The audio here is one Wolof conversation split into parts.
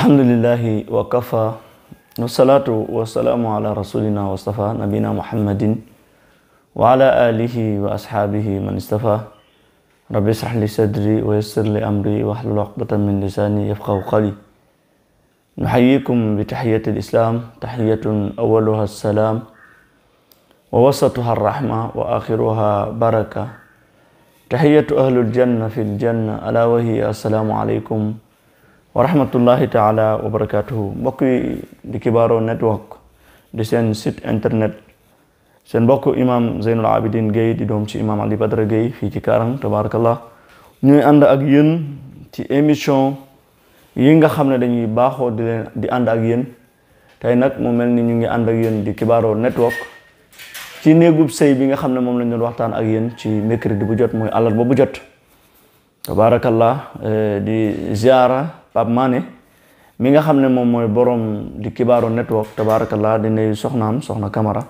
alhamdulillahi wa kafa wasalaatu wasalaamu ala rasulina wastafa nabina muhammadin wa ala alihi wa ashaabihi man istafa rabbi israh li sadri wa yassir li amri wahlul uqdatan min lisani yafqahu qawli nuxayikum bi taxiyati lislam taxiyatun awaluha assalaam wa wasatuha arrahma wa axiruha baraka taxiyatu ahlu aljanna fi aljanna ala wahiya assalaamu alaykum wa rahmatullahi taala wa barakatuhu mbokk yi di Kibaroo network di seen site internet seen mbokk imam Zeynul Abidin Gueye di doom ci imam Ali Badara Gueye fii ci Karang tabarakallah ñuy ànd ak yéen ci émission yi nga xam ne dañuy baaxoo di leen di ànd ak yéen tey nag mu mel ni ñu ngi ànd ak yéen di Kibaroo network ci néegub sëy bi nga xam ne moom lañ doon waxtaan ak yéen ci mercredi bu jot mooy àllarba bu jot tabarakallah eh, di ziara Pape Mané mi nga xam ne moom mooy boroom di Kibaru network tabarakallah di nuyu soxnaam soxna Camara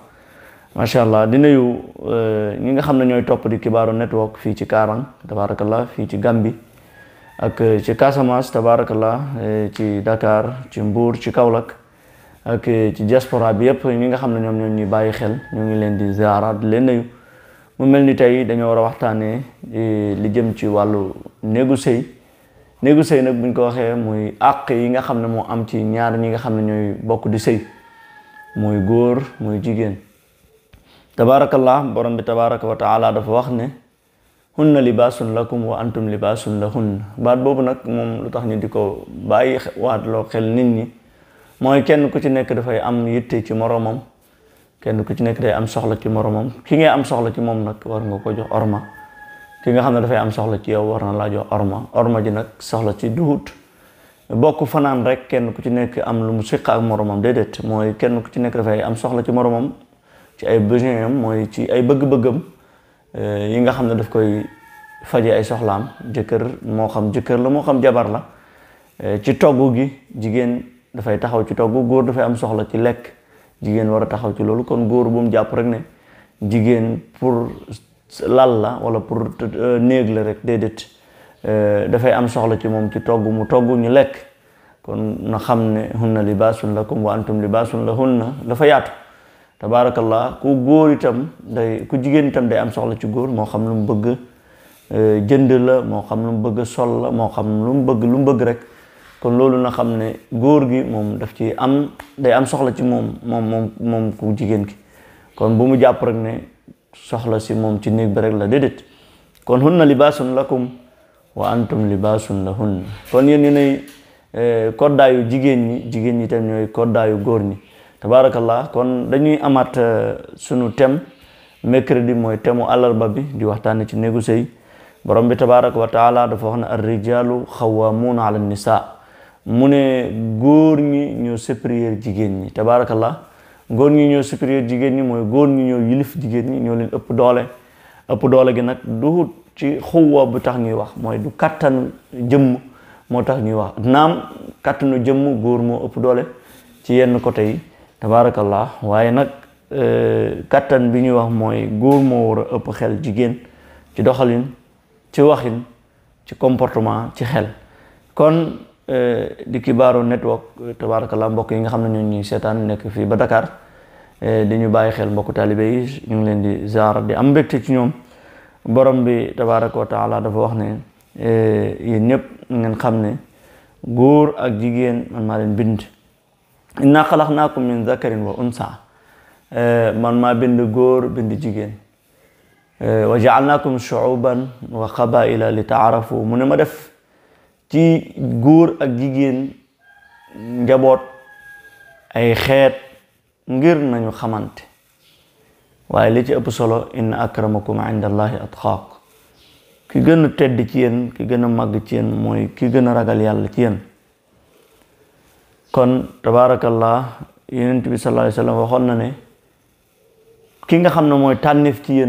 macha allah di nuyu euh, ñi nga xam ne ñooy topp di Kibaru network fii ci Kaarang tabarakallah fii ci Gambi ak euh, ci Casamance tabarakallah euh, ci dakaar ci Mbuur ci Kaolack ak ci diaspora bi yëpp ñi nga xam ne ñoom ñoo ñuy bàyyi xel ñoo ngi leen di ziara di leen nuyu mu mel ni tey dañoo war a waxtaanee li jëm ci wàllu néegu sëy néegu sëy nag buñ ko waxee muy àq yi nga xam ne moo am ci ñaar ñi nga xam ne ñooy bokk di sëy muy góor muy jigéen tabaarakallah borom bi tabaaraka wa dafa wax ne na hunna libaasun lakum wa antum libaasun lahunna baat boobu nag moom lu tax ñu di ko bàyyi wat loo xel nit ñi mooy kenn ku ci nekk dafay am yitte ci moroomam kenn ku ci nekk day am soxla ci moroomam ki ngay am soxla ci moom nag war nga ko jox orma ki nga xam ne dafay am soxla ci yow war na laa jox orma orma ji nag soxla ci duhut bokk fanaan rek kenn ku ci nekk am lu mu siq ak moromam déedéet mooy kenn ku ci nekk dafay am soxla ci moromam ci ay besoin am mooy ci ay bëgg-bëggam eh, yi nga xam ne daf koy faje ay soxlaam jëkkër moo xam jëkkër la moo xam jabar la eh, ci togg gi jigéen dafay taxaw ci togg góor dafay am soxla ci lekk jigéen war a taxaw ci loolu kon góor bu mu jàpp rek ne jigéen pour lal la wala pour euh, néeg la rek déedéet euh, dafay am soxla ci moom ci togg mu togg ñu lekk kon na xam ne hunna libaasun lakum wa antum libaasun la hunna dafa yaatu tabaarakallah ku góor itam day ku jigéen itam day am soxla ci góor moo xam lu mu bëgg euh, jënd la moo xam lu bëgg sol moo xam lu bëgg lu bëgg rek kon loolu na xam ne góor gi moom daf ci am day am soxla ci moom moom moom moom ku jigéen ki kon bu mu jàpp rek ne soxla si moom ci néeg bi rek la déedéet kon hunna libaasun lakum wa antum la lahunna kon yéen ñu ne eh, koddaayu jigéen ñi jigéen ñi tam ñooy koddaayu góor ñi tabaarakallah kon dañuy amaat eh, sunu thème mercredi mooy thème mu àllarba bi di waxtaane ci néegu sëy borom bi tabaaraka wa taala dafa wax ne ar rijalu xawaamuuna ala nisa mu ne góor ñi ñoo supérieur jigéen ñi góor ñi ñoo supérieur jigéen ñi mooy góor ñi ñoo yilif jigéen ñi ñoo leen ëpp doole ëpp doole gi nag du ci xuwa bu tax ñuy wax mooy du kàttanu jëmm moo tax ñuy wax naam kàttanu jëmm góor moo ëpp doole ci yenn côté yi tabaarakallah waaye nag euh, kàttan bi ñuy wax mooy góor moo war a ëpp xel jigéen ci doxalin ci waxin ci comportement ci xel kon euh, di Kibaru network tabaarakallah mbokk yi nga xam ne ñun ñuy seetaan nekk fii ba dakaar Eh, di ñu bàyyi xel mbokku taalibe yi ñu ngi leen di ziar di am mbégte borom bi tabaraka wa taala dafa wax ne eh, yéen ñëpp ngeen xam ne góor ak jigéen man ma leen bind inna xalaqnaakum min zakarin wa unsa eh, man ma bind góor bind jigéen wa jaalnaakum shuuban wa qabaila li taarafu mu ne ma def ci góor ak jigéen njaboot ay xeet ngir nañu xamante waaye li ci ëpp solo inna akramakum inda allahi atqaakum ki gën a tedd ci yéen ki gën a màgg ci mooy ki gën a ragal yàlla ci yéen kon tabaarakallah yonent bi sallallahu alayhi wa waxoon na ne ki nga xam ne mooy tànneef ci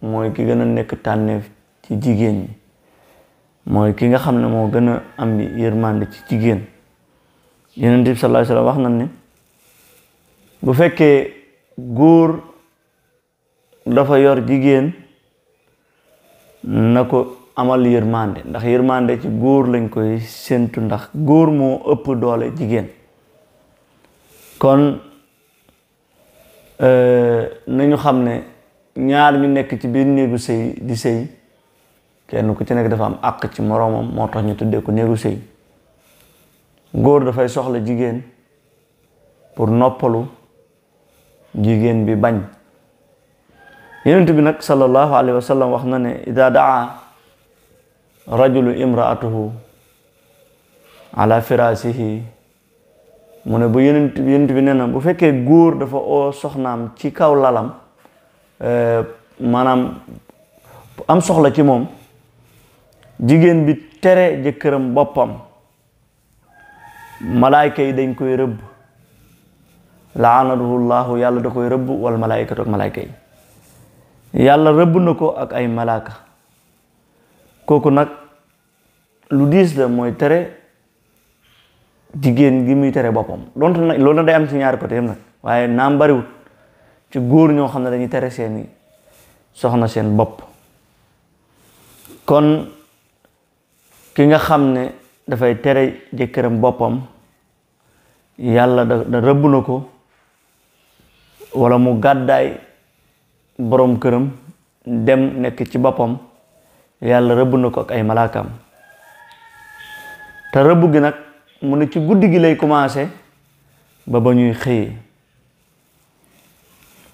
mooy ki gën a nekk tànneef ci jigéen ñi mooy ki nga xam ne moo gën a am yërmande ci jigéen yonent bi sallallahu wax na ne bu fekkee góor dafa yor jigéen na ko amal yér yërmande ndax yér yërmande ci góor lañ koy séntu ndax góor moo ëpp doole jigéen kon euh, nañu xam ne ñaar ñu nekk ci biir néegu sëy di sëy kenn ku ci nekk dafa am àq ci moroomam moo tax ñu tuddee ko néegu sëy góor dafay soxla jigéen pour noppalu jigéen bi bañ yonent bi nag sallallahu alayhi wa wax na ne ida daa rajulu imraatuhu ala firaasihi mu ne bu yonent yonent bi nee na bu fekkee góor dafa oo soxnaam ci kaw lalam eh, maanaam am soxla ci moom jigéen bi tere jëkkëram boppam malaayka yi dañ koy rëbb laanatuhu llaahu yàlla da koy rëbb wal malaayikatu ak malaayka yàlla rëbb na ko ak ay malaaka kooku nag lu diis la mooy tere jigéen gi muy tere boppam donte na day am ci ñaari côté yëpp nag waaye naam bariwut ci góor ñoo xam ne dañuy tere seeni soxna seen bopp kon ki nga xam ne dafay tere jëkkëram boppam yàlla da rëbb na ko wala mu gàddaay boroom këram dem nekk ci boppam yàlla rëbb na ko ay malaakam te rëbb gi nag mu ne ci guddi gi lay commencé ba ba ñuy xëyee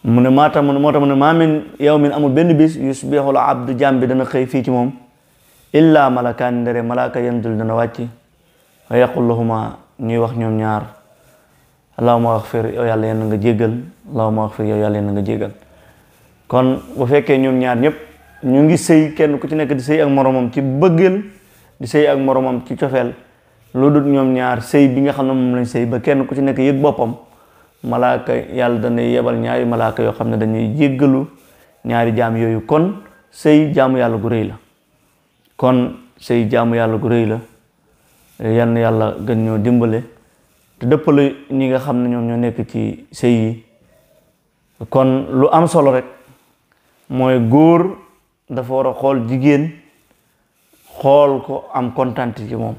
mu ne maa tax mu ne moo tax mu ne maa min yow min amul benn bis yusbihul abdu jàmm bi dana xëy fii ci moom illaa malakaan ndere malaaka yandul dana wàcc wa yaqul lahuma ñuy wax ñoom ñaar allahumma axfir yow yàlla yal na nga jéggal allahumma axfir yow na nga jéggal kon bu fekkee ñoom ñaar ñëpp ñu ngi sëy kenn ku ci nekk di sëy ak moromam ci bëggeel di sëy ak moromam ci cofeel lu dul ñoom ñaar sëy bi nga xam ne moom lañ sëy ba kenn ku ci nekk yëg boppam malaaka yàlla danay yebal ñaari malaaka yoo xam ne dañuy jéggalu ñaari jaam yooyu kon sëy jaamu yàlla gu rëy la kon sëy jaamu yàlla gu rëy la yan yàlla gën ñoo dimbale te dëppale ñi nga xam ne ñoom ñoo nekk ci sëy kon lu am solo rek mooy góor dafa war a xool jigéen xool ko am kontante ci moom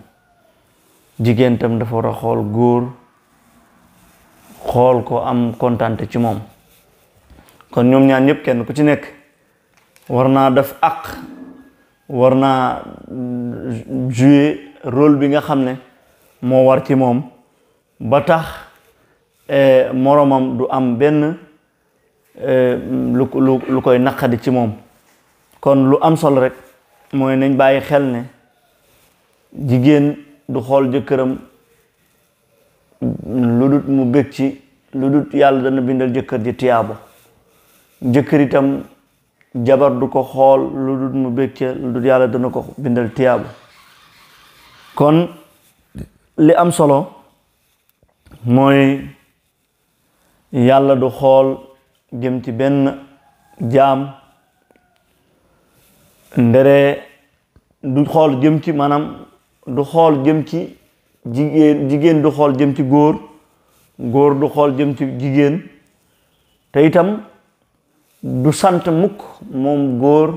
jigéen tam dafa war a xool góor xool ko am kontante ci moom kon ñoom ñaan ñëpp kenn ku ci nekk war naa def àq war naa jouer rôle bi nga xam ne moo war ci moom ba tax eh, moroomam du am benn eh, lu lu lu koy naqadi ci moom kon lu am solo rek mooy nañ bàyyi xel ne jigéen du xool jëkkëram lu dut mu bég ci lu dut yàlla dana bindal jëkkër ji tiyaabo jëkkër itam jabar du ko xool lu dut mu bég ca lu dut yàlla dana ko bindal tiyaabo kon li am solo mooy yàlla du xool jëm ci benn jaam ndere du xool jëm ci maanaam du xool jëm ci jigéen du xool jëm ci góor góor du xool jëm ci jigéen te itam du sant mukk moom góor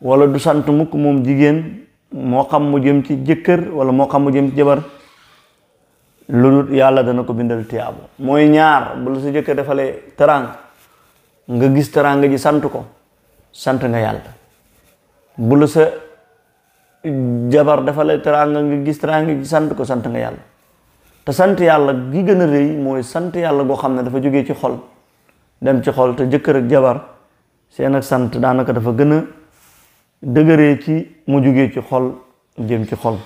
wala du sant mukk moom jigéen moo xam mu jëm ci jëkkër wala moo xam mu jëm jabar lu yàlla dana ko bindal tiyaabo mooy ñaar bu la sa jëkkër defalee teraanga nga gis teraanga ji sant ko sant nga yàlla bu la sa jabar defalee teraanga nga gis teraanga ji sant ko sant nga yàlla te sant yàlla gi gën a rëy mooy sant yàlla goo xam ne dafa jógee ci xol dem ci xol te jëkkër jabar seen ak sant daanaka dafa gën a dëgëree ci mu jógee ci xol jëm ci xol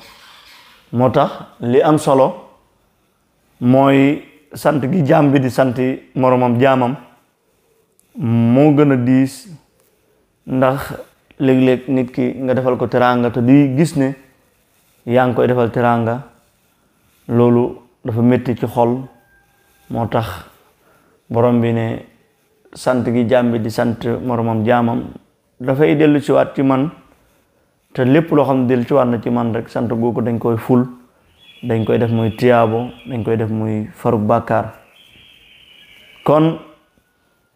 moo tax li am solo mooy sant gi jàmbi di sant moromam jaamam moo gën a diis ndax léeg-léeg nit ki nga defal ko teraanga te di gis ne yaa ngi koy defal teraanga loolu dafa métti ci xol moo tax borom bi ne sant gi jaam bi di sant moromam jaamam dafay dellu ci waat ci man te lépp loo xam ne dellu ci waat na ci man rek sant googu dañ koy ful dañ koy def muy tiyaabo dañ koy def muy farug bàkkaar kon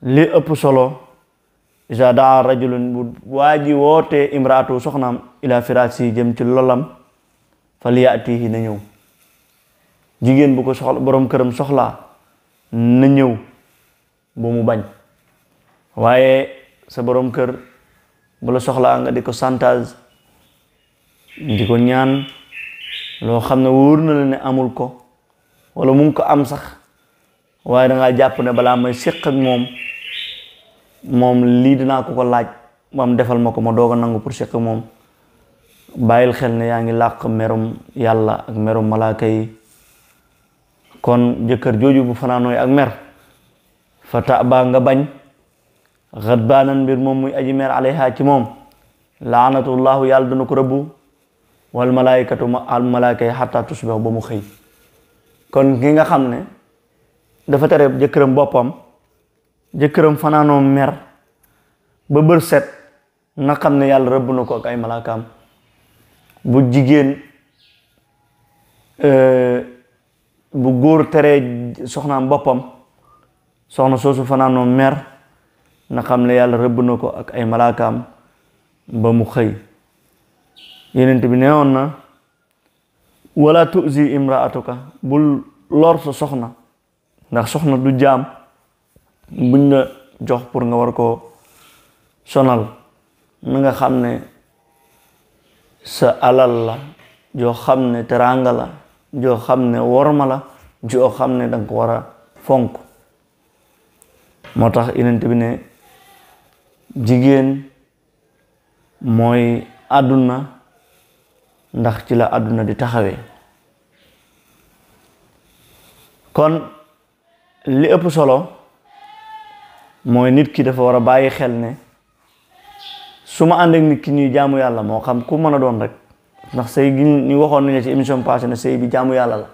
li ëpp solo iza daa rajulun bu waa ji wootee imraatu soxnaam ila firaasi jëm ci lolam fal yaatihi na ñëw jigéen bu ko soxla borom këram soxlaa na ñëw bu mu bañ waaye sa borom kër bu la soxlaa nga di ko santage di ñaan loo xam ne wóor na la ne amul ko wala mu ko am sax waaye danga jàpp ne balaa may séq ak moom moom lii dinaa ko laaj moom defal ma ko ma doog a nangu pour séq moom bàyyil xel ne yaa ngi làq merum yàlla ak merum malaaka yi kon jëkkër jooju bu fanaanooy ak mer fa taabaa nga bañ xadbaanan mbir moom muy aji mer alayha ci moom laanatullahu yàlla dana ko rëbbu wal malaayikatu ma al malaaka yi xataa tusbax ba mu xëy kon ki nga xam ne dafa tere jëkkëram boppam jëkkëram fanaanoo mer ba bër set na xam ne yàlla rëbb na ko ak ay malaakaam bu jigéen euh, bu góor teree soxnaam boppam soxna soosu fanaanoo mer na xam ne yàlla rëbb na ko ak ay malaakaam ba mu xëy yenent bi neewoon na wala tuzi imraatuka bul lor sa soxna ndax soxna du jaam buñ la jox pour nga war koo sonal na nga xam ne sa alal la joo xam ne teranga la joo xam ne worma la joo xam ne danga ko war a fonk moo tax yenent bi ne jigéen mooy àdduna ndax ci la àdduna di taxawee kon li ëpp solo mooy nit ki dafa war a bàyyi xel ne su ma ànd ak nit ki ñuy jaamu yàlla moo xam ku mën a doon rek ndax sëy gi ñu waxoon nañu ci émission passée na sëy bi jaamu yàlla la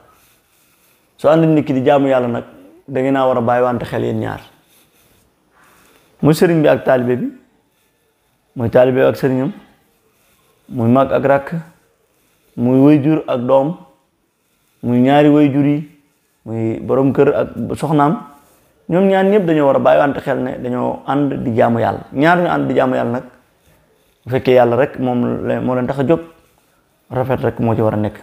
su ànd ak nit ki di jaamu yàlla nag da naa war a bàyyi wante xel yéen ñaar muy sëriñ bi ak taalibe bi muy taalibe ak sëriñam muy mag ak rakk muy wayjur ak doom muy ñaari wayjur yi muy borom kër ak soxnaam ñoom ñaan ñëpp dañoo war a bàyyiwante xel ne dañoo ànd di jaamu yàlla ñaar ñu ànd di yàlla nag bu fekkee yàlla rek moom moo leen tax a jóg rafet rek moo ci war a nekk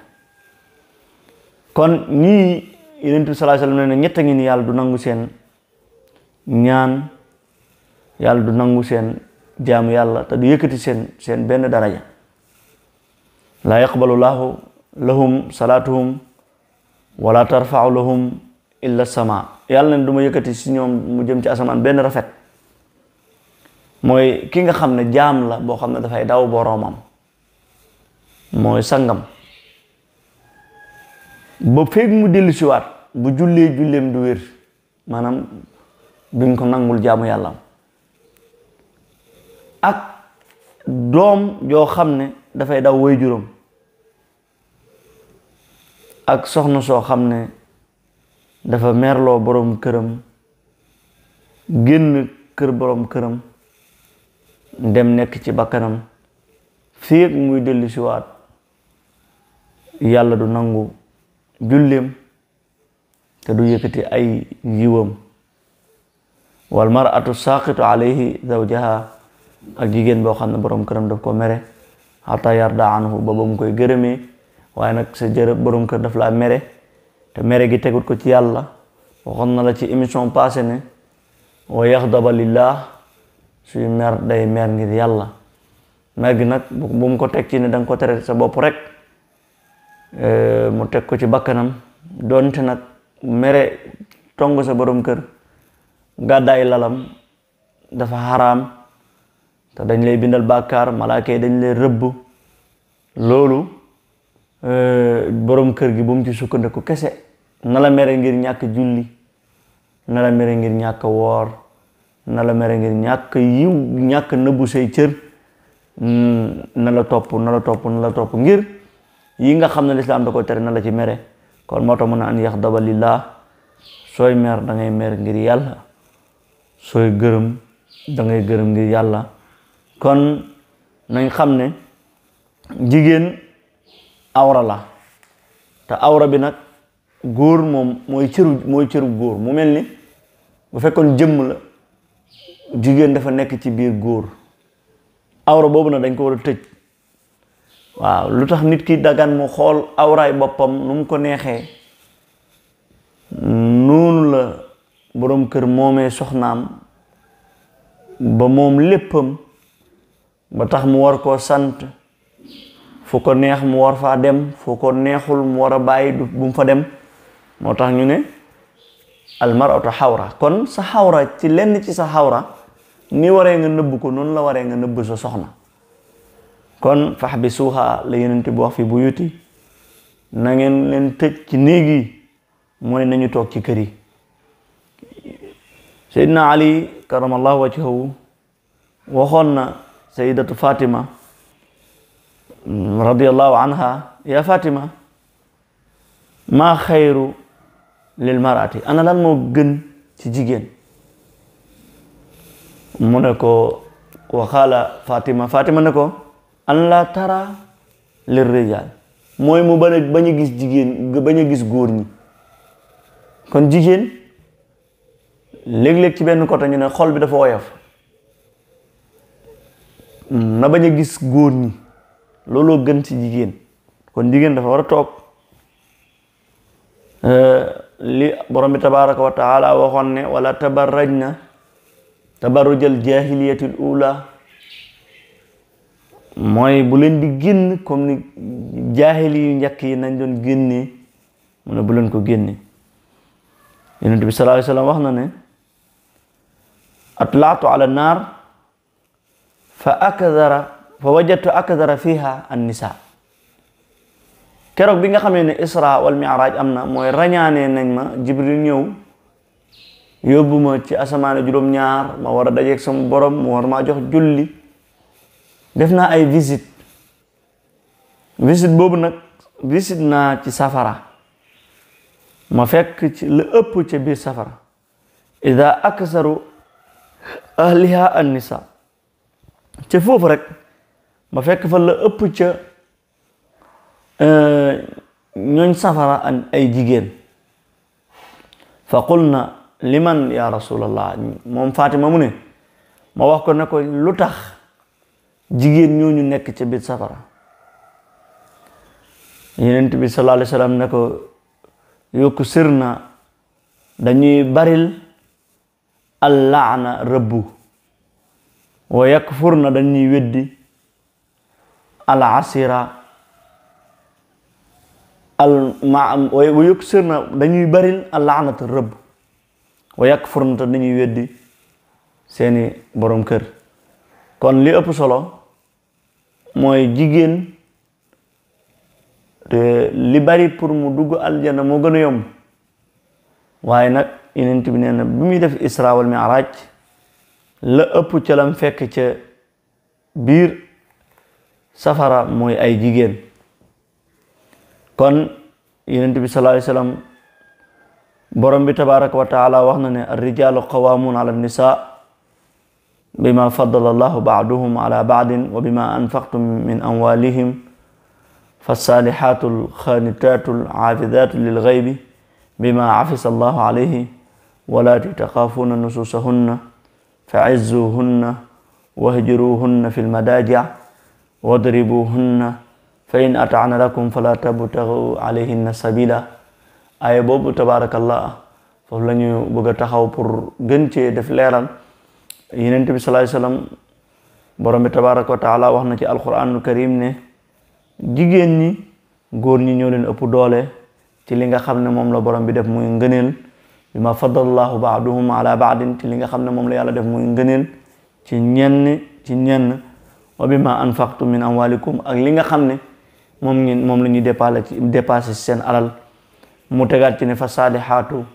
kon ñii Yonent bi sallallahu alayhi wasallam ne ñett a ngi yàlla du nangu seen ñaan yàlla du nangu seen jaamu yàlla te du yëkkati seen seen benn daraja laa yaqbalu laahu lahum salaatuhum wala tarfau lahum illa sama yàlla ne du ma yëkkati si ñoom mu jëm ci asamaan benn rafet mooy ki nga xam ne jaam la boo xam ne dafay daw boroomam mooy sangam ba feeg mu dellu siwaat bu jullee julleem du wér maanaam duñ ko nangul jaamu yàllam ak doom joo xam ne dafay daw way juróom ak soxna soo xam ne dafa merloo boroom këram génn kër boroom këram dem nekk ci bakkanam féeg muy dellu siwaat yàlla du nangu julleem te du yëkkati ay yiwam wal mar'atu saqitu alayhi zawjaha ak jigéen boo xam ne boroom këram daf ko mere xata yarda anhu ba ba koy gërëmee waaye nag sa jër borom kër daf laa mere te mere gi tegut ko ci yàlla waxoon na la ci émission passé ne wa yaxdaba lillah suy mer day mer ngir yàlla mer gi nag bu mu ko teg ci ne da nga ko tere sa bopp rek euh, mu teg ko ci bakkanam doonte nag mere tong sa borom kër gàddaay lalam dafa xaraam te dañ lay bindal bàkkaar malaaka yi dañ lay rëbb loolu Euh, borom kër gi bu mu ci sukkandiku kese na la mere ngir ñàkk julli na la mere ngir ñàkk woor na la mere ngir ñàkk yiw ñàkk nëbbu say cër mm, na la topp na topp la topp ngir yi nga xam ne lislaam da ko tere na la ci mere kon moo tax mën a an yax daba lillah sooy mer dangay mer ngir yàlla sooy gërëm da ngay gërëm ngir yàlla kon nañ xam ne jigéen awra la te awra bi nag góor moom mooy cëru mooy cëru góor mu mel ni bu fekkoon jëmm la jigéen dafa nekk ci biir góor awra boobu nag dañ ko war a tëj waaw lu tax nit ki dagan mu xool awraay boppam nu mu ko neexee noonu la boroom kër moomee soxnaam ba moom léppam ba tax mu war koo sant fu ko neex mu war faa dem foo ko neexul mu war a bàyyi du bu mu fa dem moo tax ñu ne almaratu xawra kon sa xawra ci lenn ci sa xawra ni waree nga nëbbu ko noonu la waree nga nëbb sa soxna kon faxbisuuha la yenente bu wax fi bu yuti na ngeen leen tëj ci néeg yi mooy nañu toog ci kër yi Seydina Ali karamallahu wajhahu waxoon na Sayyidatu Fatima radiyallahu anha ya Fatima maa xayru lil marati ana lan moo gën ci jigéen mu ne ko waxaala Fatima Fatima ne ko an la tara lir rijal mooy mu ba bañ gis jigéen bañ gis góor ñi kon jigéen léeg-léeg ci benn côté ñu ne xol bi dafa woyof na bañ gis góor ñi looloo gën ci jigéen kon jigéen dafa war a toog euh, li borom bi tabaraka wa taala waxoon ne wala tabarrajna tabarrujal jahiliyatil ula mooy bu leen di génn comme ni jaahili yu njëkk yi nañ doon génnee mu bu leen ko génne yonent bi sallallahu alayhi wasallam wax na ne atlaatu ala naar fa akdara fa wajadtu akdara fiha an nisa keroog bi nga xamee ne isra wal mi'raj am na mooy rañaanee nañ ma jibril ñëw yóbbu ma ci asamaane juróom-ñaar ma war a dajeeg sama borom war maa jox julli def na ay visit visite boobu nag visite naa ci safara ma fekk ci la ëpp ca biir safara ida aksaru ahliha an nisa ca foofu rek ma fekk fa la ëpp euh, safara ay jigéen fa qulna liman ya rasulallah moom Fatima mu ne ma wax ko ne ko lu tax jigéen ñooñu nekk ca biir safara yenent bi sallallahu alayhi wasallam ne ko yokku sir na dañuy baril al laana rëbbu wa yakfur na dañuy weddi al asira al ma wa yuksir na dañuy baril al laanata rëbb wa yakfur na te dañuy weddi seeni borom kër kon li ëpp solo mooy jigéen li bari pour mu dugg aljanna moo gën a yomb waaye nag yenent bi nee na bi muy def isra wal mi'raj la ëpp ca fekk ca biir safara mooy ay jigéen kon yonent bi sallallahu alayhi wasallam borom bi tabaraka wa taala wax na ne ar-rijaalu qawaamuun ala an-nisaa bima faddala allahu ba'dahum ala ba'din wa bima anfaqtum min amwaalihim فالصالحات الخانتات العافذات للغيب بما عفس الله عليه واللاتي تخافون نشوزهن فعزوهن واهجروهن في المضاجع wadribuhunna fa in ataana lakum fala tabtahu alayhinna sabila aaya boobu tabarakallah foofu la ñu bëgg a taxaw pour gën cee def leeral yenent bi sallallahu wasallam borom bi tabaraka wa taala wax na ci alquranul karim ne jigéen ñi góor ñi ñoo leen ëpp doole ci li nga xam ne moom la borom bi def muy ngëneel bi ma fadlallahu baaduhum ala baadin ci linga nga xam ne moom la yàlla def muy ngëneel ci ñenn ci ñenn wa bima anfaqtum min amwalikum ak li nga xam ne moom ngeen moom la ñuy ci dépassé seen alal mu tegaat ci ne fa saalihaatu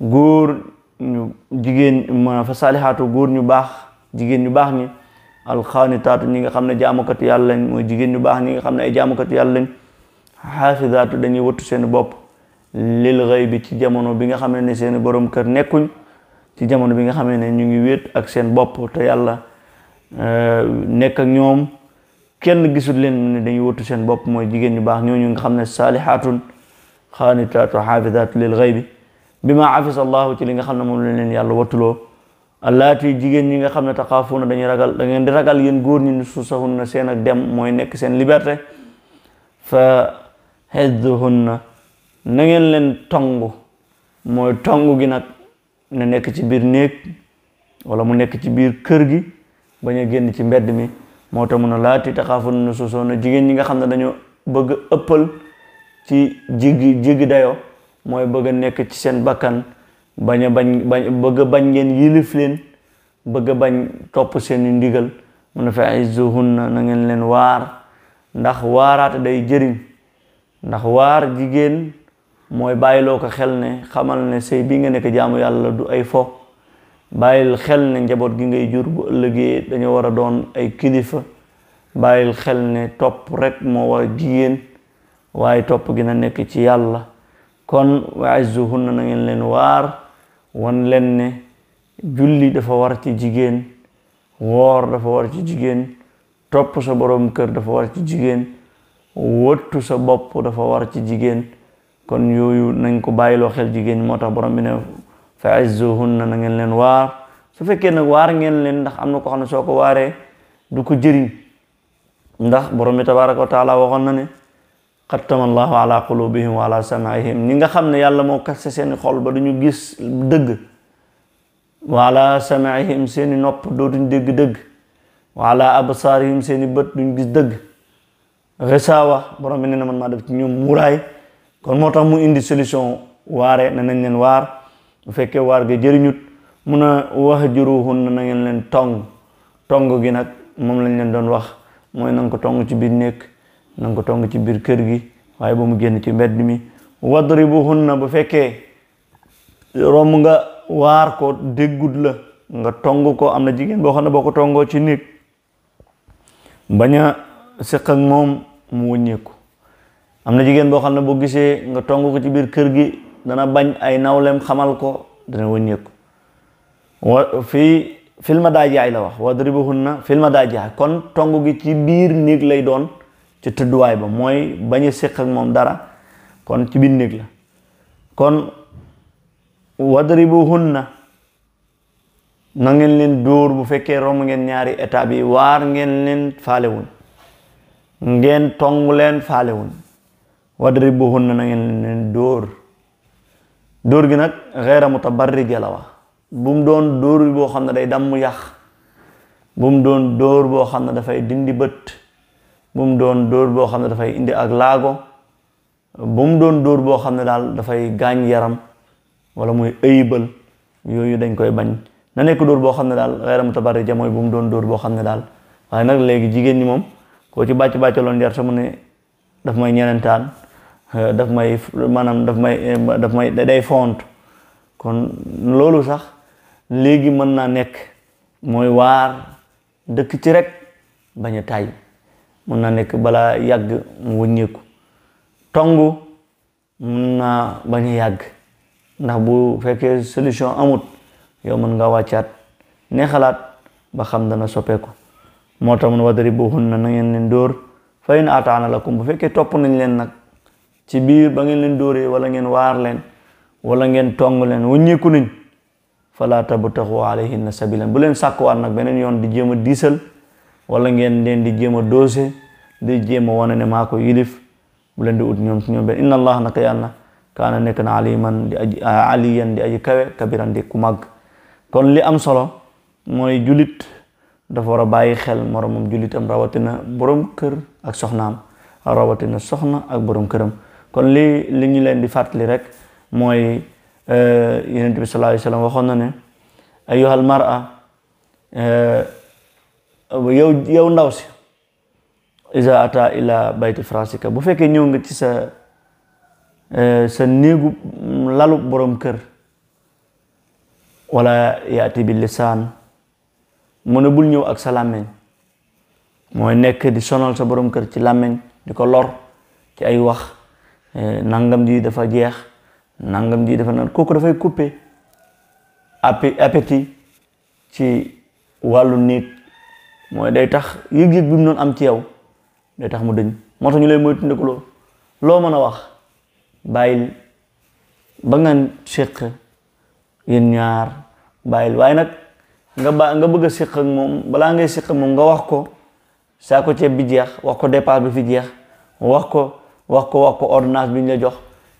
góor ñu jigéen ma fa saalihaatu góor ñu baax jigéen ñu baax ñi taatu ñi nga xam ne jaamukatu yàlla lañ mooy jigéen ñu baax ñi nga xam ne ay jaamukatu yàlla lañ xaafidaatu dañuy wattu seen bopp lil xëy bi ci jamono bi nga xam ne ne seen borom kër nekkuñ ci jamono bi nga xam ne ñu ngi wéet ak seen bopp te yàlla Euh, nekk ak ñoom kenn gisul leen ne dañuy wottu seen bopp mooy jigéen ñu baax ñooñu nga xam ne saalihaatun xaanitaatu xaafidaatu lil xaybi bi ma afisa allahu ci li nga xam ne moom la leen yàlla wattuloo allaati jigéen ñi nga xam ne taxaafuuna dañuy ragal da ngeen di ragal yéen góor ñi susahunna seen ak dem mooy nekk seen liberté fa xedduhunna na ngeen leen tongu mooy tongu gi nag na nekk ci biir néeg wala mu nekk ci biir kër gi bañ a génn ci mbedd mi moo tax mun a laati taxaafun nusuusoona jigéen ñi nga xam ne dañoo bëgg ëppal ci jig jéggi dayoo mooy bëgg nekk ci seen bakkan bañ bañ bañ bañ ngeen yilif leen bëgg bañ topp seen ndigal mun a fa izzuhunna na ngeen leen waar ndax waaraate day jëriñ ndax waar jigéen mooy bàyyiloo ko xel ne xamal ne sëy bi nga nekk jaamu yàlla du ay fo bàyyil xel ne njaboot gi ngay jur bu ëllëgee dañoo war a doon ay kilifa bàyyil xel ne topp rek moo war jigéen waaye topp gi na nekk ci yàlla kon wa izzuhunna na ngeen leen waar wan leen ne julli dafa war ci jigéen woor dafa war ci jigéen topp sa borom kër dafa war ci jigéen wëttu sa bopp dafa war ci jigéen kon yooyu nañ ko bàyyiloo xel jigéen moo tax borom bi ne fa izzuhunna na ngeen leen waar su fekkee nag waar ngeen leen ndax am na ko xam ne soo ko waaree du ko ndax borom bi tabaraka wa taala waxoon na ne xattama allahu ala qulubihim wa ala samaihim ñi nga xam ne yàlla moo kase seeni xol ba duñu gis dëgg wa ala samaihim seeni nopp dootuñ dégg dëgg wa ala absaarihim seeni bët duñ gis dëgg xisawa borom bi ne na ma maa def ci ñoom moo tax mu indi solution waare ne nañ waar bu fekkee waar ga jëriñut mun a wax juruhun na ngeen leen tong tong gi nag moom lañ leen doon wax mooy na ko tong ci biir néeg na ko tong ci biir kër gi waaye ba mu génn ci mbedd mi wadribuhun na bu fekkee romb nga waar ko déggut la nga tong ko am na jigéen boo xam ne boo ko tongoo ci néeg bañ seq moom mu wëññeeku am na jigéen boo xam ne boo gisee nga tong ko ci biir kër gi dana bañ ay nawlem xamal ko dana wëññeeku wa filma fil madaaji la wax wadribuhunna fil madaaji kon tong gi ci biir néeg lay doon ci tëdduwaay ba mooy bañ a ak moom dara kon ci biir néeg la kon wadribuhunna na ngeen leen dóor bu fekkee romb ngeen ñaari état bi waar ngeen leen faalewuñ ngeen tong leen faalewuñ wadribuhunna na ngeen leen dóor dóor gi nag xeera mutabarrija la wax bu doon dóor boo xam ne day damm yax bu mu doon dóor boo xam ne dafay dindi bët bu doon dóor boo xam ne dafay indi ak laago bu mu doon dóor boo xam ne daal dafay gaañ yaram wala muy ëybal yooyu dañ koy bañ na nekk dóor boo xam ne daal xeera mutabarrija mooy bu mu doon dóor boo xam ne daal waaye nag léegi jigéen ñi moom koo ci bàcc bàccaloon yar sa mu ne daf mooy ñenentaan Euh, dafa may maanaam daf may eh, daf may day font kon loolu sax léegi mën naa nekk mooy waar dëkk ci rek bañ a tàyyi mën naa nekk balaa yàgg mu wëññeeku tongu mën naa bañ a yàgg ndax bu fekkee solution amut yow mën nga wàccaat ne xalaat ba xam dana soppeeku moo tax mun wadribuhunna na ngeen leen dóor fa in ataana lakum bu fekkee topp nañ leen nag ci biir ba ngeen leen dóoree wala ngeen waar leen wala ngeen tong leen wëññeeku nañ fala tabtaxu alayhinna sabilan bu leen sàkkuwaat nag beneen yoon di jéem a diisal wala ngeen leen di jéem a doose di jéem a wane ne maako ko yilif bu leen di ut ñoom ci ñoom benn inna allah naka yàlla kaana nekk na aliman di aji aliyan di aji kawe kabiran di ku màgg kon li am solo mooy julit dafa war a bàyyi xel moromam julitam rawatina borom kër ak soxnaam rawatina soxna ak borom këram kon li li ñu leen di fàttali rek mooy eh, yonent bi sallallahu alayhi wa sallam waxoon na ne ayyuhal mar'a eh, yow yow ndaw si iza ata ila bayti firasika bu fekkee ñëw nga ci sa eh, sa néegu lalu borom kër wala yaati bi lisaan mu ne ñëw ak sa mooy nekk di sonal sa borom kër ci làmmeñ di ko lor ci ay wax Eh, nangam ji dafa jeex nangam ji dafa naan kooku dafay couper appétit ci wàllu nit mooy day tax yëg-yëg bi mu noonu am ci yow day tax mu dëñ moo tax ñu lay moytu ndekuloo loo mën a wax bàyyil ba nga séq yéen ñaar bàyyil waaye nag nga ba nga bëgg séq ak moom balaa ngay séq ak moom nga wax ko saako ko ceeb bi jeex wax ko dépasse bi fi jeex wax ko wax ko wax ko ordonnance bi jox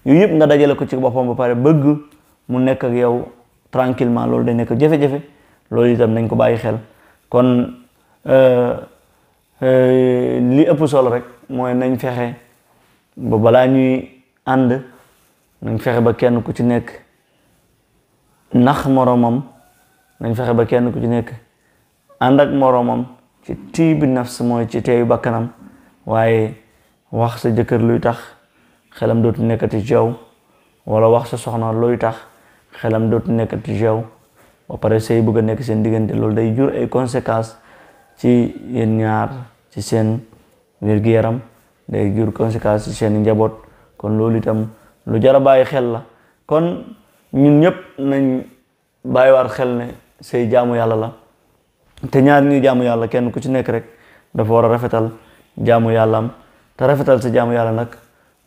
yooyu yëpp nga dajale ko ci boppam ba pare bëgg mu nekk ak yow tranquillement loolu day nekk jafe-jafe loolu itam nañ ko bàyyi xel kon euh, euh, li ëpp solo rek mooy nañ fexe ba balaa ñuy ànd nañ fexe ba kenn ku ci nekk nax moroomam nañ fexe ba kenn ku ci nekk ànd ak moroomam ci tii bi nafs mooy ci teeyu bakkanam waaye wax sa jëkkër luy tax xelam dootu nekkati ci yow wala wax sa soxna luy tax xelam dootu nekkati ci yow ba pare sëy bëgg a nekk seen diggante loolu day jur ay conséquences ci yéen ñaar ci seen wér-gu-yaram day jur conséquences seen njaboot kon loolu itam lu jar a bàyyi xel la kon ñun ñëpp nañ bàyyiwaat xel ne sëy jaamu yàlla la te ñaar ñuy jaamu yàlla kenn ku ci nekk rek dafa war rafetal jaamu yàllaam te rafetal sa jaamu yàlla nag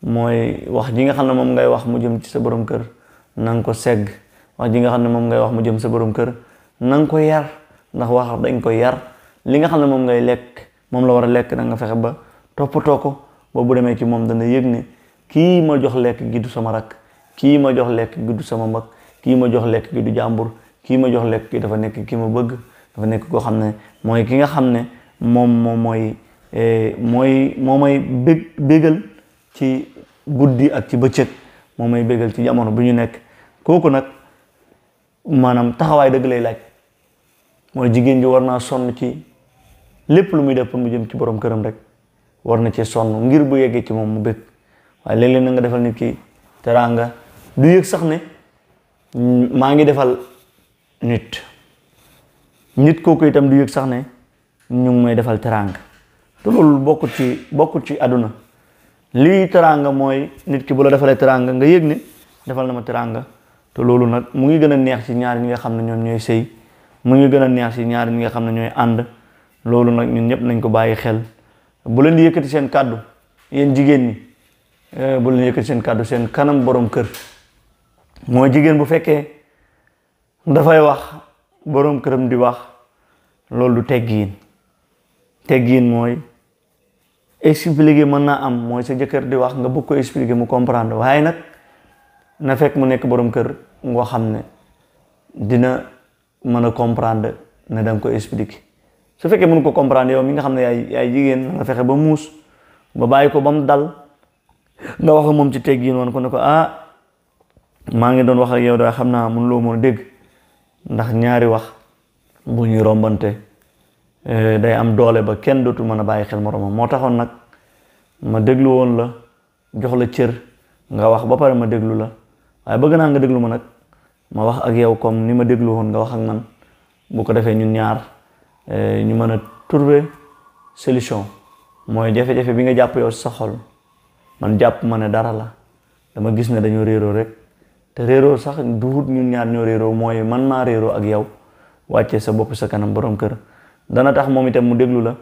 mooy wax ji nga xam ne moom ngay wax mu jëm ci sa borom kër na nga ko segg wax ji nga xam ne moom ngay wax mu jëm sa borom kër na nga ko yar ndax wax dañ ko yar li nga xam ne moom ngay lekk moom la war a lekk nanga nga fexe ba toppatoo ko ba bu demee ci moom dana yëg ne kii ma jox lekk gi du sama rak kii ma jox lekk gi du sama mag kii ma jox lekk gi du jàmbur kii ma jox lekk gi dafa nekk kii ma bëgg dafa nekk koo xam ne mooy ki nga xam ne moom moom mooy Eh, mooy moomay may bég bégal ci guddi ak ci bëccëg moo may bégal ci jamono bu ñu nekk kooku nag maanaam taxawaay dëgg lay laaj mooy jigéen ji war naa sonn ci lépp lu muy def pour mu jëm ci borom këram rek war na cee sonn ngir bu yeggee ci moom mu bég waaye léeg-léeg na nga defal nit ki teraanga du yëg sax ne maa ngi defal nit nit kooku itam du yëg sax ne ñu ngi may defal teraanga te loolu bokkut ci bokkut ci àdduna lii teraanga mooy nit ki bu la defalee teraanga nga yëg ne defal na ma teraanga te loolu nag mu ngi gën a neex si ñaar ñi nga xam ne ñoom ñooy sëy mu gën a neex ci ñaar ñi nga xam ne ñooy ànd loolu nag ñun ñëpp nañ ko bàyyi xel bu leen di yëkkati seen kàddu yéen jigéen ñi eh, bu leen yëkkati seen kàddu seen kanam borom kër mooy jigéen bu fekkee dafay wax borom këram di wax loolu du teggiin teggiin mooy expliquer mën naa am mooy sa jëkkër di wax nga bugg ko expliquer mu comprendre waaye nag na fekk mu nekk borom kër ngoo xam ne dina mën a comprendre ne da ko expliquer su fekkee mën ko comprendre yow mi nga xam ne yaay yaay jigéen nga fexe ba muus ba bàyyi ko ba dal nga wax moom ci teggiin woon ko ne ko ah maa ngi doon wax ak yow da xam naa mënuloo mën a dégg ndax ñaari wax bu ñu rombante Eh, day am doole ba kenn dootul mën a bàyyi xel moromam moo taxoon nag ma déglu woon la jox la cër nga wax ba pare ma déglu la waaye bëgg naa nga déglu ma nag ma wax ak yow comme ni ma déglu woon nga wax ak man bu ko defee ñun ñaar eh, ñu mën a trouver solution mooy jafe-jafe bi nga jàpp yow sa xol man jàpp ma ne dara la dama gis ne dañoo réeroo rek te réeroo sax duhut ñun ñaar ñoo réeroo mooy man maa réeroo ak yow wàcce sa bopp sa kanam borom kër dana tax moom itam mu déglu la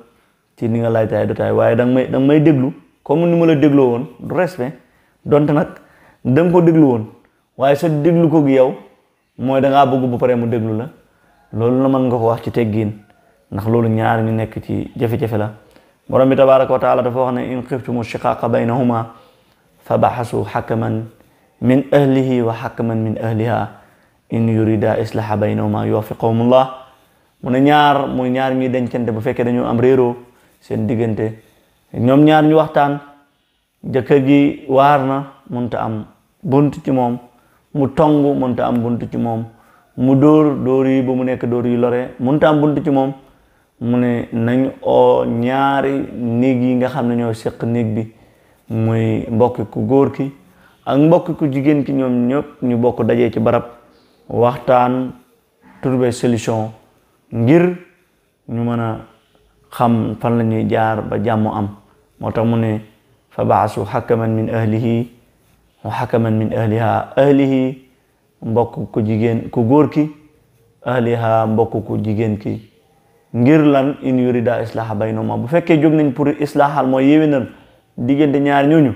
ci ni nga laajtaay dotaay waaye danga may danga may déglu comme ni ma la dégloo woon du respect donte nag danga ko déglu woon waaye sa déglu ko gi yow mooy dangaa bëgg bu pare mu déglu la loolu na mën nga ko wax ci teggiin ndax loolu ñaar ñu nekk ci jafe la borom bi tabaraka wa taala dafa wax ne in xiftumu shiqaaqa baynahuma fa baxasu xakaman min ahlihi wa xakaman min ahliha in yurida islaha baynahuma yuwafiqahumullah mu ne ñaar muy ñaar ñuy dencante bu fekkee dañu am réeroo seen diggante ñoom ñaar ñu waxtaan jëkkër ji waar na munta am bunt ci moom mu tong munta am bunt ci moom mu dóor dóor yi ba mu nekk dóor yu lore munta am bunt ci moom mu ne nañ oo ñaari néeg yi nga xam ne ñoo séq néeg bi muy mbokki ku góor ki ak mbokki ku jigéen ki ñoom ñëpp ñu bokk dajee ci barab waxtaan trouver solution ngir ñu mën xam fan la ñuy jaar ba jàmm am moo tax mu ne fa baasu xakaman min ahlihi wa xakaman min ahliha ahlihi mbokk ku jigéen ku góor ki ahliha mbokk ku jigéen ki ngir lan in yurida islaaha baynahuma bu fekkee jóg nañ pour islaahal mooy yéwénal diggante ñaar ñooñu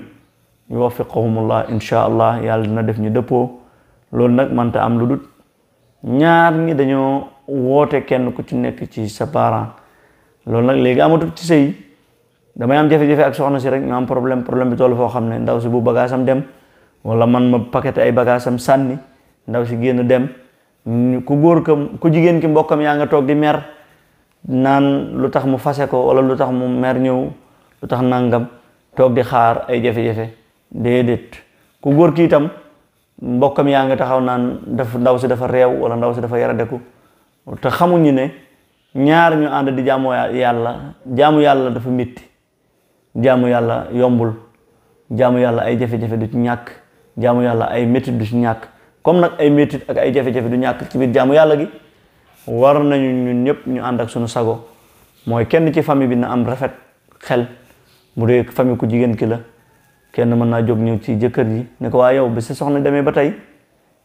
yuwaffiqahumullah insha allah yàlla dina def ñu dëppoo loolu nag manta am lu dut ñaar ñi dañoo woote kenn ku ci nekk ci sa parent loolu nag léegi amatul ci sëy damay am jafe-jafe ak soxna si rek ñu am problème problème bi toll foo xam ne ndaw si bu bagaasam dem wala man ma paqueté ay bagaasam sànni ndaw si génn dem ku góor kam ku jigéen ki mbokkam yaa nga toog di mer naan lu tax mu fase ko wala lu tax mu mer ñëw lu tax nangam toog di xaar ay jafe-jafe ku góor ki itam mbokkam yaa ngi taxaw naan daf ndaw si dafa reew wala ndaw si dafa yaradeku te xamuñu ne ñaar ñu ànd di jaamu yàlla jaamu yàlla dafa métti jaamu yàlla yombul jaamu yàlla ay jafe-jafe du ci ñàkk jaamu yàlla ay métit du ci ñàkk comme nag ay métit ak ay jafe-jafe du ñàkk ci biir jaamu yàlla gi war nañu ñun ñëpp ñu ànd ak suñu sago mooy kenn ci famille bi na am rafet xel mu dee famille ku jigéen ki la kenn mën naa jóg ñëw ci jëkkër ji ne waa yow bi sa soxna demee ba tey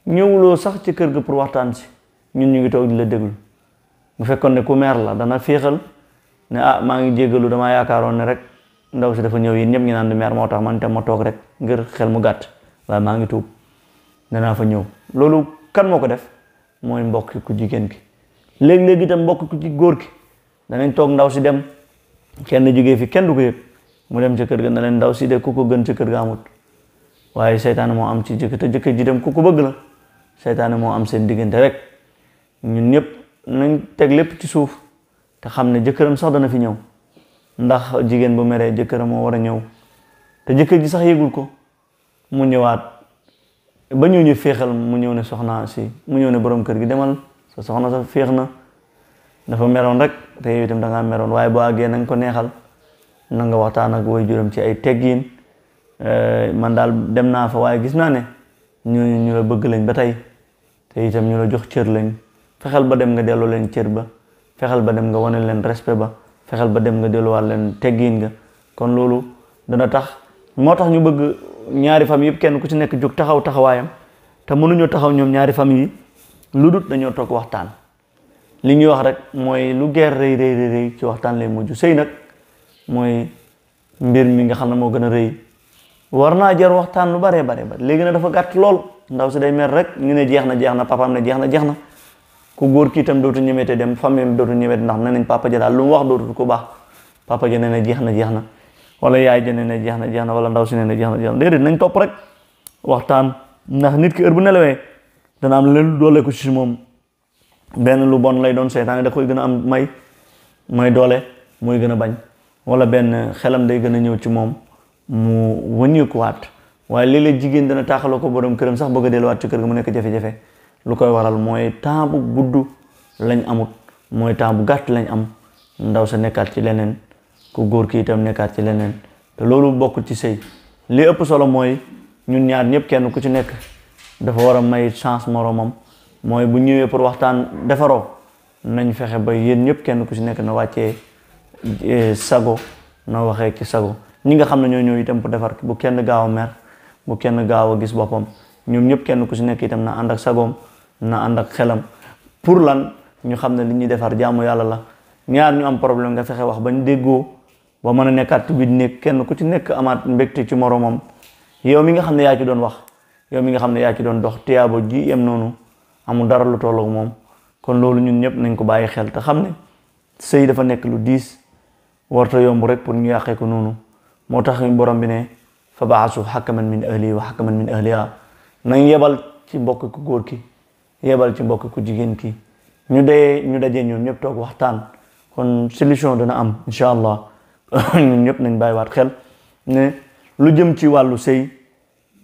ñëwuloo sax ci kër gi pour waxtaan si ñun ñu ngi toog di la déglu bu fekkoon ne ku meer la dana féexal ne ah maa ngi jéggalu damaa yaakaaroon ne rek ndaw si dafa ñëw yéen ñëpp ñu naan meer moo tax man itam ma toog rek ngir xel mu gàtt waaye maa ngi tuub danaa fa ñëw loolu kan moo ko def mooy mbokk ku jigéen ki léeg-léeg itam mbokk ku ci góor ki danañ toog ndaw si dem kenn jógee fi kenn du ko yëg mu dem ca kër ga na ndaw si de ku ko gën ca kër ga amut waaye seytaane moo am ci jëkkër te jëkkër ji dem ku ko bëgg la seytaane moo am seen diggante rek ñun ñëpp nañ teg lépp ci suuf te xam ne jëkkëram sax na fi ñëw ndax jigéen bu meree jëkkëram moo a ñëw te jëkkër ji sax yëgul ko mu ñëwaat ba ñëw ñu féexal mu ñëw ne soxna si mu ñëw ne borom kër gi demal sa soxna sa féex na dafa meroon rek te yow itam da ngaa waaye boo àggee na ko neexal na waxtaan ak way juróom ci ay teggiin eh, man daal dem naa fa waaye gis naa ne ñooñu ñu la bëgg lañ ba tey te itam ñu la jox cër lañ fexeel ba dem nga delloo leen cër ba fexeel ba dem nga wane leen respect ba fexeel ba dem nga delluwaat leen teggiin nga kon loolu dana tax moo tax ñu bëgg ñaari fam yëpp kenn ku ci nekk jóg taxaw taxawaayam te mënuñoo taxaw ñoom ñaari famille yi lu dut dañoo toog waxtaan li ñuy wax rek mooy lu geer rëy rëy rëy ci waxtaan lay mujj sëy nag mooy mbir mi nga xam ne moo gën a rëy war naa jar waxtaan lu bare bare ba léegi na dafa gàtt lool ndaw si day mer rek ñu ne jeex na jeex na papaam ne jeex na jeex na ku góor kiitam itam dootu ñemeete dem famille dootu ñemeete ndax nax nañ papa ja daal lu mu wax dootu ko baax papa ja nee jeex na jeex na wala yaay ja na jeex na jeex na wala ndaw si nee na jeex na nañ topp rek waxtaan ndax nit ki heure bu nelawee dana am leen doole ko ci moom benn lu bon lay doon seytaane da koy gën a am may may doole mooy gën a bañ wala benn xelam day gën a ñëw ci moom mu wëññeekuwaat waaye léeg-léeg jigéen dana taaxaloo ko borom këram sax bëgg a delluwaat ci kër ga mu nekk jafe-jafe lu koy waral mooy temps bu gudd lañ amut mooy temps bu gàtt lañ am ndaw sa nekkaat ci leneen ku góor ki itam nekkaat ci leneen te loolu bokkul ci sëy li ëpp solo mooy ñun ñaar ñëpp kenn ku ci nekk dafa war a may chance moroomam mooy bu ñëwee pour waxtaan defaroo nañ fexe ba yéen ñëpp kenn ku ci nekk na wàccee e, sago na waxee ci sago ñi nga xam ne ñoo ñëw itam pour defar bu kenn gaaw a mer bu kenn gaaw a gis boppam ñoom ñëpp kenn ku si nekk itam na ànd ak sagoom na ànd ak xelam pour lan ñu xam ne li ñuy defar jaamu yàlla la ñaar ñu am problème nga fexe wax bañ déggoo ba mën a nekkaat bi nekk kenn ku ci nekk amaat mbégte ci moromam yow mi nga xam ne yaa ci doon wax yow mi nga xam ne yaa ci doon dox tiyaabo ji yem noonu amul dara lu tolloog moom kon loolu ñun ñëpp nañ ko bàyyi xel te xam ne sëy dafa nekk lu diis warta yomb rek pour ñu yàqee ko noonu moo tax borom bi ne fa baasu xakaman min ahli wa xakaman min ahliha nañ yebal ci mbokk ku góor ki yebal ci mbokk ku jigéen ki ñu dee ñu dajee ñoom ñëpp toog waxtaan kon solution dana am incha allah ñun ñëpp nañ waat xel ne lu jëm ci wàllu sëy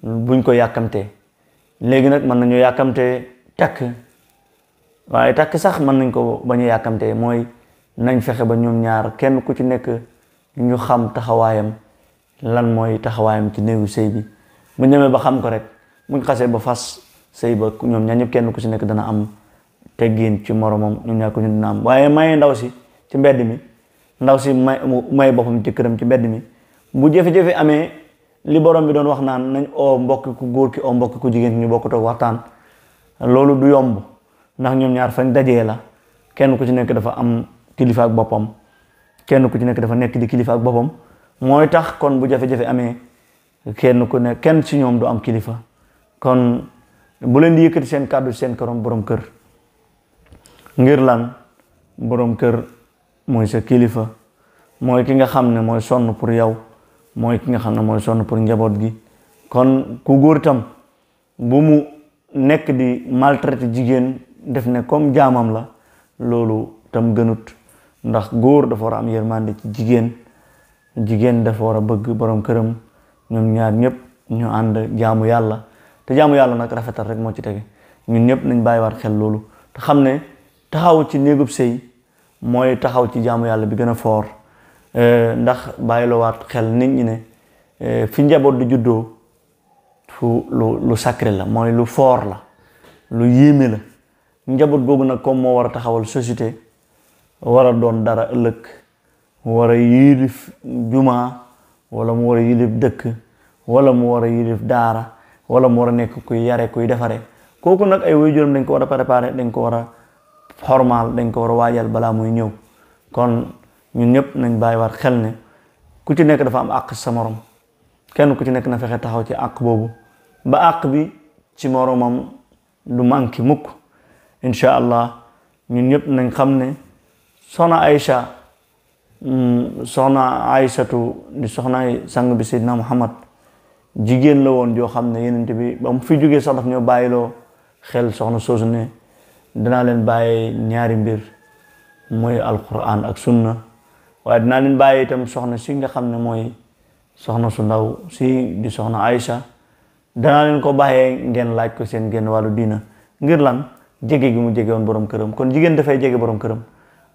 buñ ko yàkkamtee léegi nag mën nañu yàkkamtee takk waaye takk sax mën nañ ko bañ a yàkkamtee mooy nañ fexe ba ñoom ñaar kenn ku ci nekk ñu xam taxawaayam lan mooy taxawaayam ci néegu sëy bi bu ñemee ba xam ko rek buñ xasee ba fas sëy ba ñoom ñaar ñëpp kenn ku ci nekk dana am teggin ci moromam ñoom ñaar ku ci dina ndaw si ci mbedd mi ndaw si may may boppam ci këram ci mbedd mi bu jafe amee li borom bi doon wax naan nañ oo góor ki oo mbokk jigéen ñu bokk toog loolu du yomb ndax ñoom ñaar fañ dajee la kenn ku ci nekk dafa am kilifa ak boppam kenn ku ci nekk dafa nekk di kilifa ak boppam mooy tax kon bu jafe-jafe amee kenn ku ne kenn si ñoom du am kilifa kon bu leen di yëkkati seen kàddu seen këram borom kër ngir lan borom kër mooy sa kilifa mooy ki nga xam ne mooy sonn pour yow mooy ki nga xam ne mooy sonn pour njaboot gi kon ku góor itam bu mu nekk di maltraité jigéen def ne comme jaamam la loolu tam gënut ndax góor dafa war a am yërmande ci jigéen jigéen dafa war a bëgg borom këram ñoom ñaar ñëpp ñu ànd jaamu yàlla te jaamu yàlla nag rafetal rek moo ci tege ñun ñëpp nañ waat xel loolu te xam ne taxaw ci néegub sey mooy taxaw ci jaamu yàlla bi gën a foor eh, ndax bàyyi bàyyilowaat xel nit ñi ne eh, fi njaboot di juddoo fu lu lu la mooy lu foor la lu yéeme la njaboot googu nag comme moo war a taxawal société war a doon dara ëllëg war a jumaa wala mu war a dëkk walla mu war a daara wala mu war a nekk kuy yare kuy defare kooku nag ay waajuram dañ ko war a préparer dañ ko war a xormaal dañ ko war a waajal balaa muy ñëw kon ñun ñëpp nañ bàyyi war xel ne ku ci nekk dafa am àq sa morom kenn ku ci nekk na fexe taxaw ci àq boobu ba àq bi ci moromam du manqué mukk incha allah ñun ñëpp nañ xam ne soxna Aïcha mm, soxna Aïchatu di soxnaay sang bi Seydina Muhammad jigéen la woon joo xam ne yenente bi ba mu fi jógee sax daf ñoo bàyyiloo xel soxna soosu ne danaa leen bàyyi ñaari mbir mooy alquran ak sunna waaye dinaa leen bàyyi itam soxna si nga xam ne mooy soxna su ndaw si di soxna Aïcha danaa leen ko bàyyee ngeen laaj ko seen genn wàllu diina ngir lan jege gi mu jege woon borom këram kon jigéen dafay jege borom këram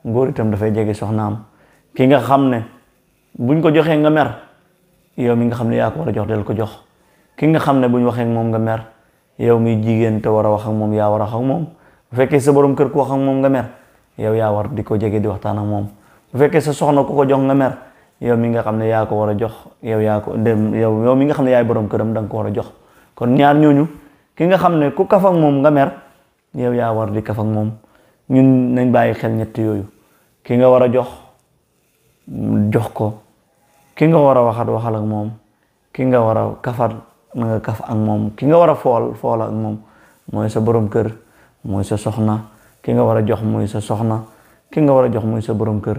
góor itam dafay jege soxnaam ki nga xam ne buñ ko joxee nga mer yow mi nga xam ne yaa ko war a jox del ko jox ki nga xam ne bu ñu waxee moom nga mer yow mi jigéen te war a wax ak moom yaa war a wax ak moom bu fekkee sa boroom kër ku wax ak moom nga mer yow yaa war di ko di waxtaan ak moom bu fekkee sa soxna ku ko jox nga mer yow mi nga xam ne yaa ko war a jox yow yaa ko dem yow yow mi nga xam ne yaay borom këram da nga ko war a jox kon ñaar ñooñu ki nga xam ne ku kaf ak moom nga mer yow yaa war di kaf ak moom ñun nañ bàyyi xel ñett yooyu ki nga war a jox jox ko ki nga war a waxat waxal ak moom ki nga war a kafat na nga kaf ak moom ki nga war a fool fool ak moom mooy sa borom kër mooy sa soxna ki nga war a jox mooy sa soxna ki nga war a jox mooy sa borom kër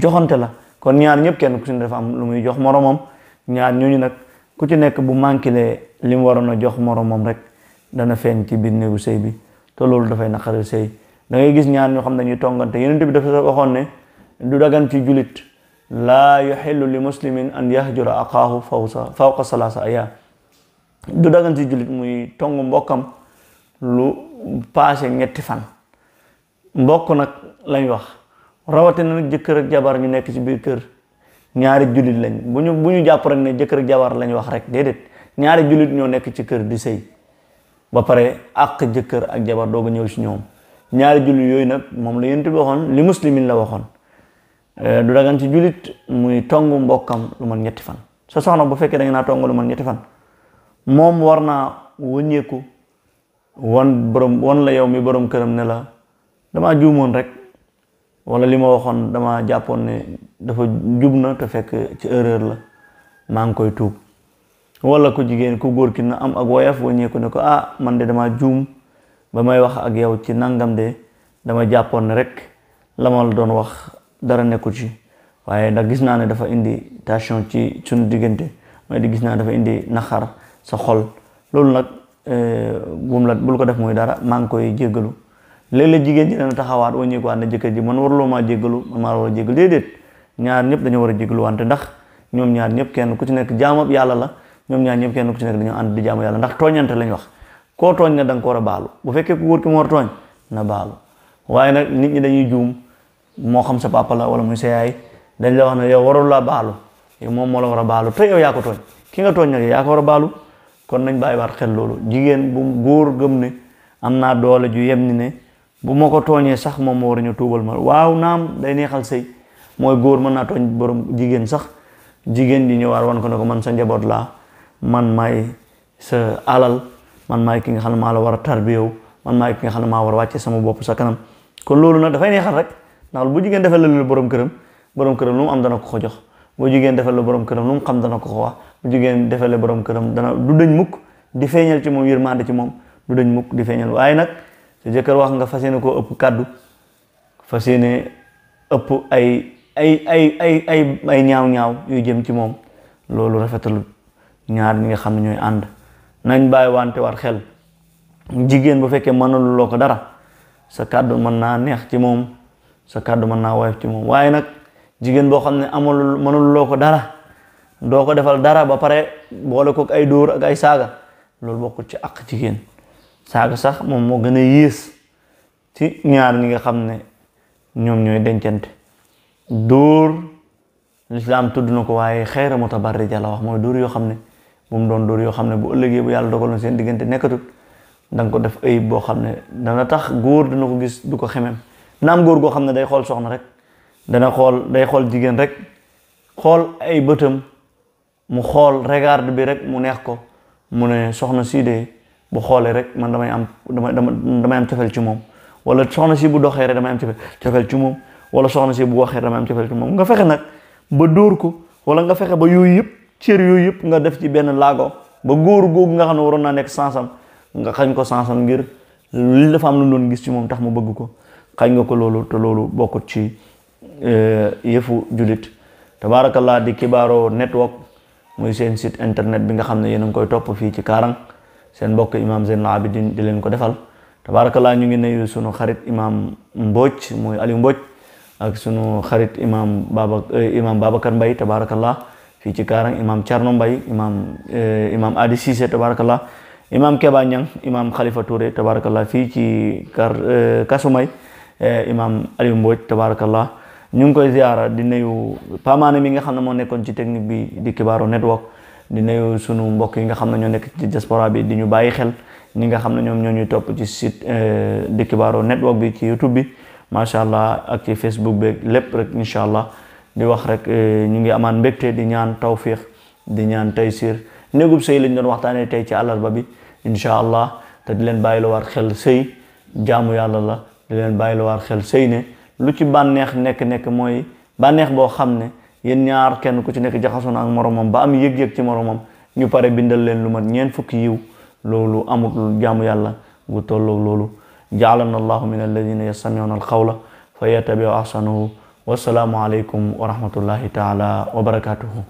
joxante la kon ñaar ñëpp kenn ku ci dafa am lu muy jox moromam ñaar ñooñu nag ku ci nekk bu manquélee li mu waroon a jox moromam rek dana feeñ ci ne bu sëy bi te loolu dafay naqari sëy da gis ñaar ñoo xam ne dañuy tongante Yonent bi dafa waxoon ne du dagan ci jullit laa yaxillu li muslimin an yahjura aqaahu fawsa fawqa salaasa ayaam du dagan ci jullit muy tongu mbokkam lu paase ñetti fan mbokk nag lañ wax rawatina nag jëkkër ak jabar ñu nekk ci biir kër ñaari jullit lañ bu ñu bu ñu jàpp rek ne jëkkër ak jabar lañ wax rek déedéet ñaari jullit ñoo nekk ci kër di sëy ba pare àq jëkkër ak jabar dooga ñëw ci ñoom ñaari jullit yooyu nag moom la yonent bi li muslimin la waxoon Eh, du dagan ci jullit muy tong mbokkam lu man ñetti fan sa soxna bu fekkee da naa a tongu lu man ñetti fan moom war naa wëññeeku wan borom wan la yow mi borom këram ne la damaa juumoon rek wala li ma waxoon dama jàppoon ne dafa jub na fekk ci erreur la maa ngi koy tuub wala ku jigéen ku góor ki na am ak woyaf wëññeeku ko ah man de dama juum ba may wax ak yow ci nangam de dama jàppoon ne rek la ma doon wax dara nekku ci waaye ndax gis naa ne dafa indi tension sunu suñu diggante mooy di gis naa dafa indi naxar sa xol loolu nag buum eh, la bul ko def muy dara maa ngi koy jéggalu léeg-léeg jigéen ji dana taxawaat wàññeekuwaat na jëkkër ji man waruloo maa jéggalu man maa war a jéggalu déedéet ñaar ñëpp dañoo war a jéggalu wante ndax ñoom ñaar ñëpp kenn ku ci nekk jaamab yàlla la ñoom ñaar ñëpp kenn ku ci ànd di jaamu yàlla ndax tooñante lañ wax koo tooñ na da nga ko war a baalu bu fekkee ku góor ki moo war tooñ na baalu waaye nit ñi dañuy juum moo xam sa papa la wala muy sa yaay dañ la wax ne yow warul la baalu yow moom moo la war a baalu te yow yaa ko tooñ ki nga tooñ nag yaa ko war a baalu kon nañ bàyyi waat xel loolu jigéen bu góor gëm ne am naa doole ju yem ni ne bu ma ko tooñee sax moom moo war a tuubal ma waaw naam day neexal sëy mooy góor mën naa tooñ borom jigéen sax jigéen di ñëwaat wan ko ne ko man sa njaboot laa man maay sa alal man maay ki nga xam ne maa la war a tarbiyew man maay ki nga maa war a wàcce sama bopp sa kanam kon loolu nag dafay neexal rek ndax bu jigéen defal la lu borom këram borom këram lu mu am dana ko ko jox bu jigéen defal la borom këram lu mu xam dana ko ko wax bu jigéen defal la borom këram dana du dëñ mukk di feeñal ci moom yërmande ci moom du dëñ mukk di feeñal waaye nag sa jëkkër wax nga fas yéene koo ëpp kàddu fas yéene ëpp ay ay ay ay ay ñaaw-ñaaw yu jëm ci moom loolu rafetalu ñaar ñi nga xam ne ñooy ànd nañ bàyyi wante war xel jigéen bu fekkee mënalu loo ko dara sa kàddu mën naa neex ci moom sa kàddu mën naa woyof ci moom waaye nag jigéen boo xam ne amul mënul loo ko dara doo ko defal dara ba pare boole ko ay dóor ak ay saaga loolu bokkul ci ak jigéen saaga sax moom moo gën a yées ci ñaar ñi nga xam ne ñoom ñooy dencante dóor lislaam tudd na ko waaye xeera mutabarrija la wax mooy dóor yoo xam ne bu mu doon dóor yoo xam ne bu ëllëgee bu yàlla dogaloon seen diggante nekkatul danga ko def ayib boo xam ne dana tax góor dina ko gis du ko xemem naam góor goo xam ne day xool soxna rek dana xool day xool jigéen rek xool ay bëtam mu xool regard bi rek mu neex ko mu ne soxna sii de bu xoolee rek man damay am damay damay am cofeel ci moom wala soxna si bu doxee rek damay am cofeel ci moom wala soxna si bu waxee damay am cofeel ci moom nga fexe nag ba dóor ko wala nga fexe ba yooyu yëpp cër yooyu yëpp nga def ci benn laago ba góor googu nga xam ne waroon naa nekk sansam nga xañ ko sansam ngir li dafa am lu doon gis ci moom tax mu bëgg ko xañ nga ko loolu te loolu bokkut ci eh, yëfu julit tabarakallah di Kibarò network muy seen site internet bi nga xam ne yéen a ngi koy topp fii ci Karang seen mbokk imam Zaynul Abidin di leen ko defal tabarakallah ñu ngi nuyu sunu xarit imam Mbodj muy Aliou Mbodj ak sunu xarit imam Baba eh, imam Babacar tabarakallah fii ci Karang imam Thierno Mbaye imam eh, imam Adi Cissé tabarakallah imam Keba Niang imam Khalifa Touré tabarakallah fii ci kar Kasumay Eh, imam Aliou Mbodj tabarakallah ñu ngi koy ziara di nuyu pamaane mi nga xam ne moo nekkoon ci technique bi di Kibaru Network di nuyu sunu mbokk yi nga xam ne ñoo nekk ci diaspora bi di ñu bàyyi xel ñi nga xam ne ñoom ñoo ñuy topp ci site eh, di Kibaru Network bi ci YouTube bi macha allah ak ci Facebook beeg lépp rek incha allah di wax rek eh, ñu ngi amaan mbégte di ñaan tawfiq di ñaan taysir néegub sëy lañ doon waxtaanee tey ci ba bi incha allah te di leen bàyyi lu xel sëy jaamu yàlla la di leen bàyyiluwaat xel sëy ne lu ci bànneex nekk-nekk mooy bànneex boo xam ne yéen ñaar kenn ku ci nekk jaxasoo am ak moromam ba am yëg-yëg ci moromam ñu pare bindal leen lu mat ñeent fukki yiw loolu amul jaamu yàlla gu tolloo loolu jaalana allahu min alladina yastamiuna alqawla fa yattabiu ahsanahu wasalaamu aleykum wa rahmatullahi taala wa barakatuhu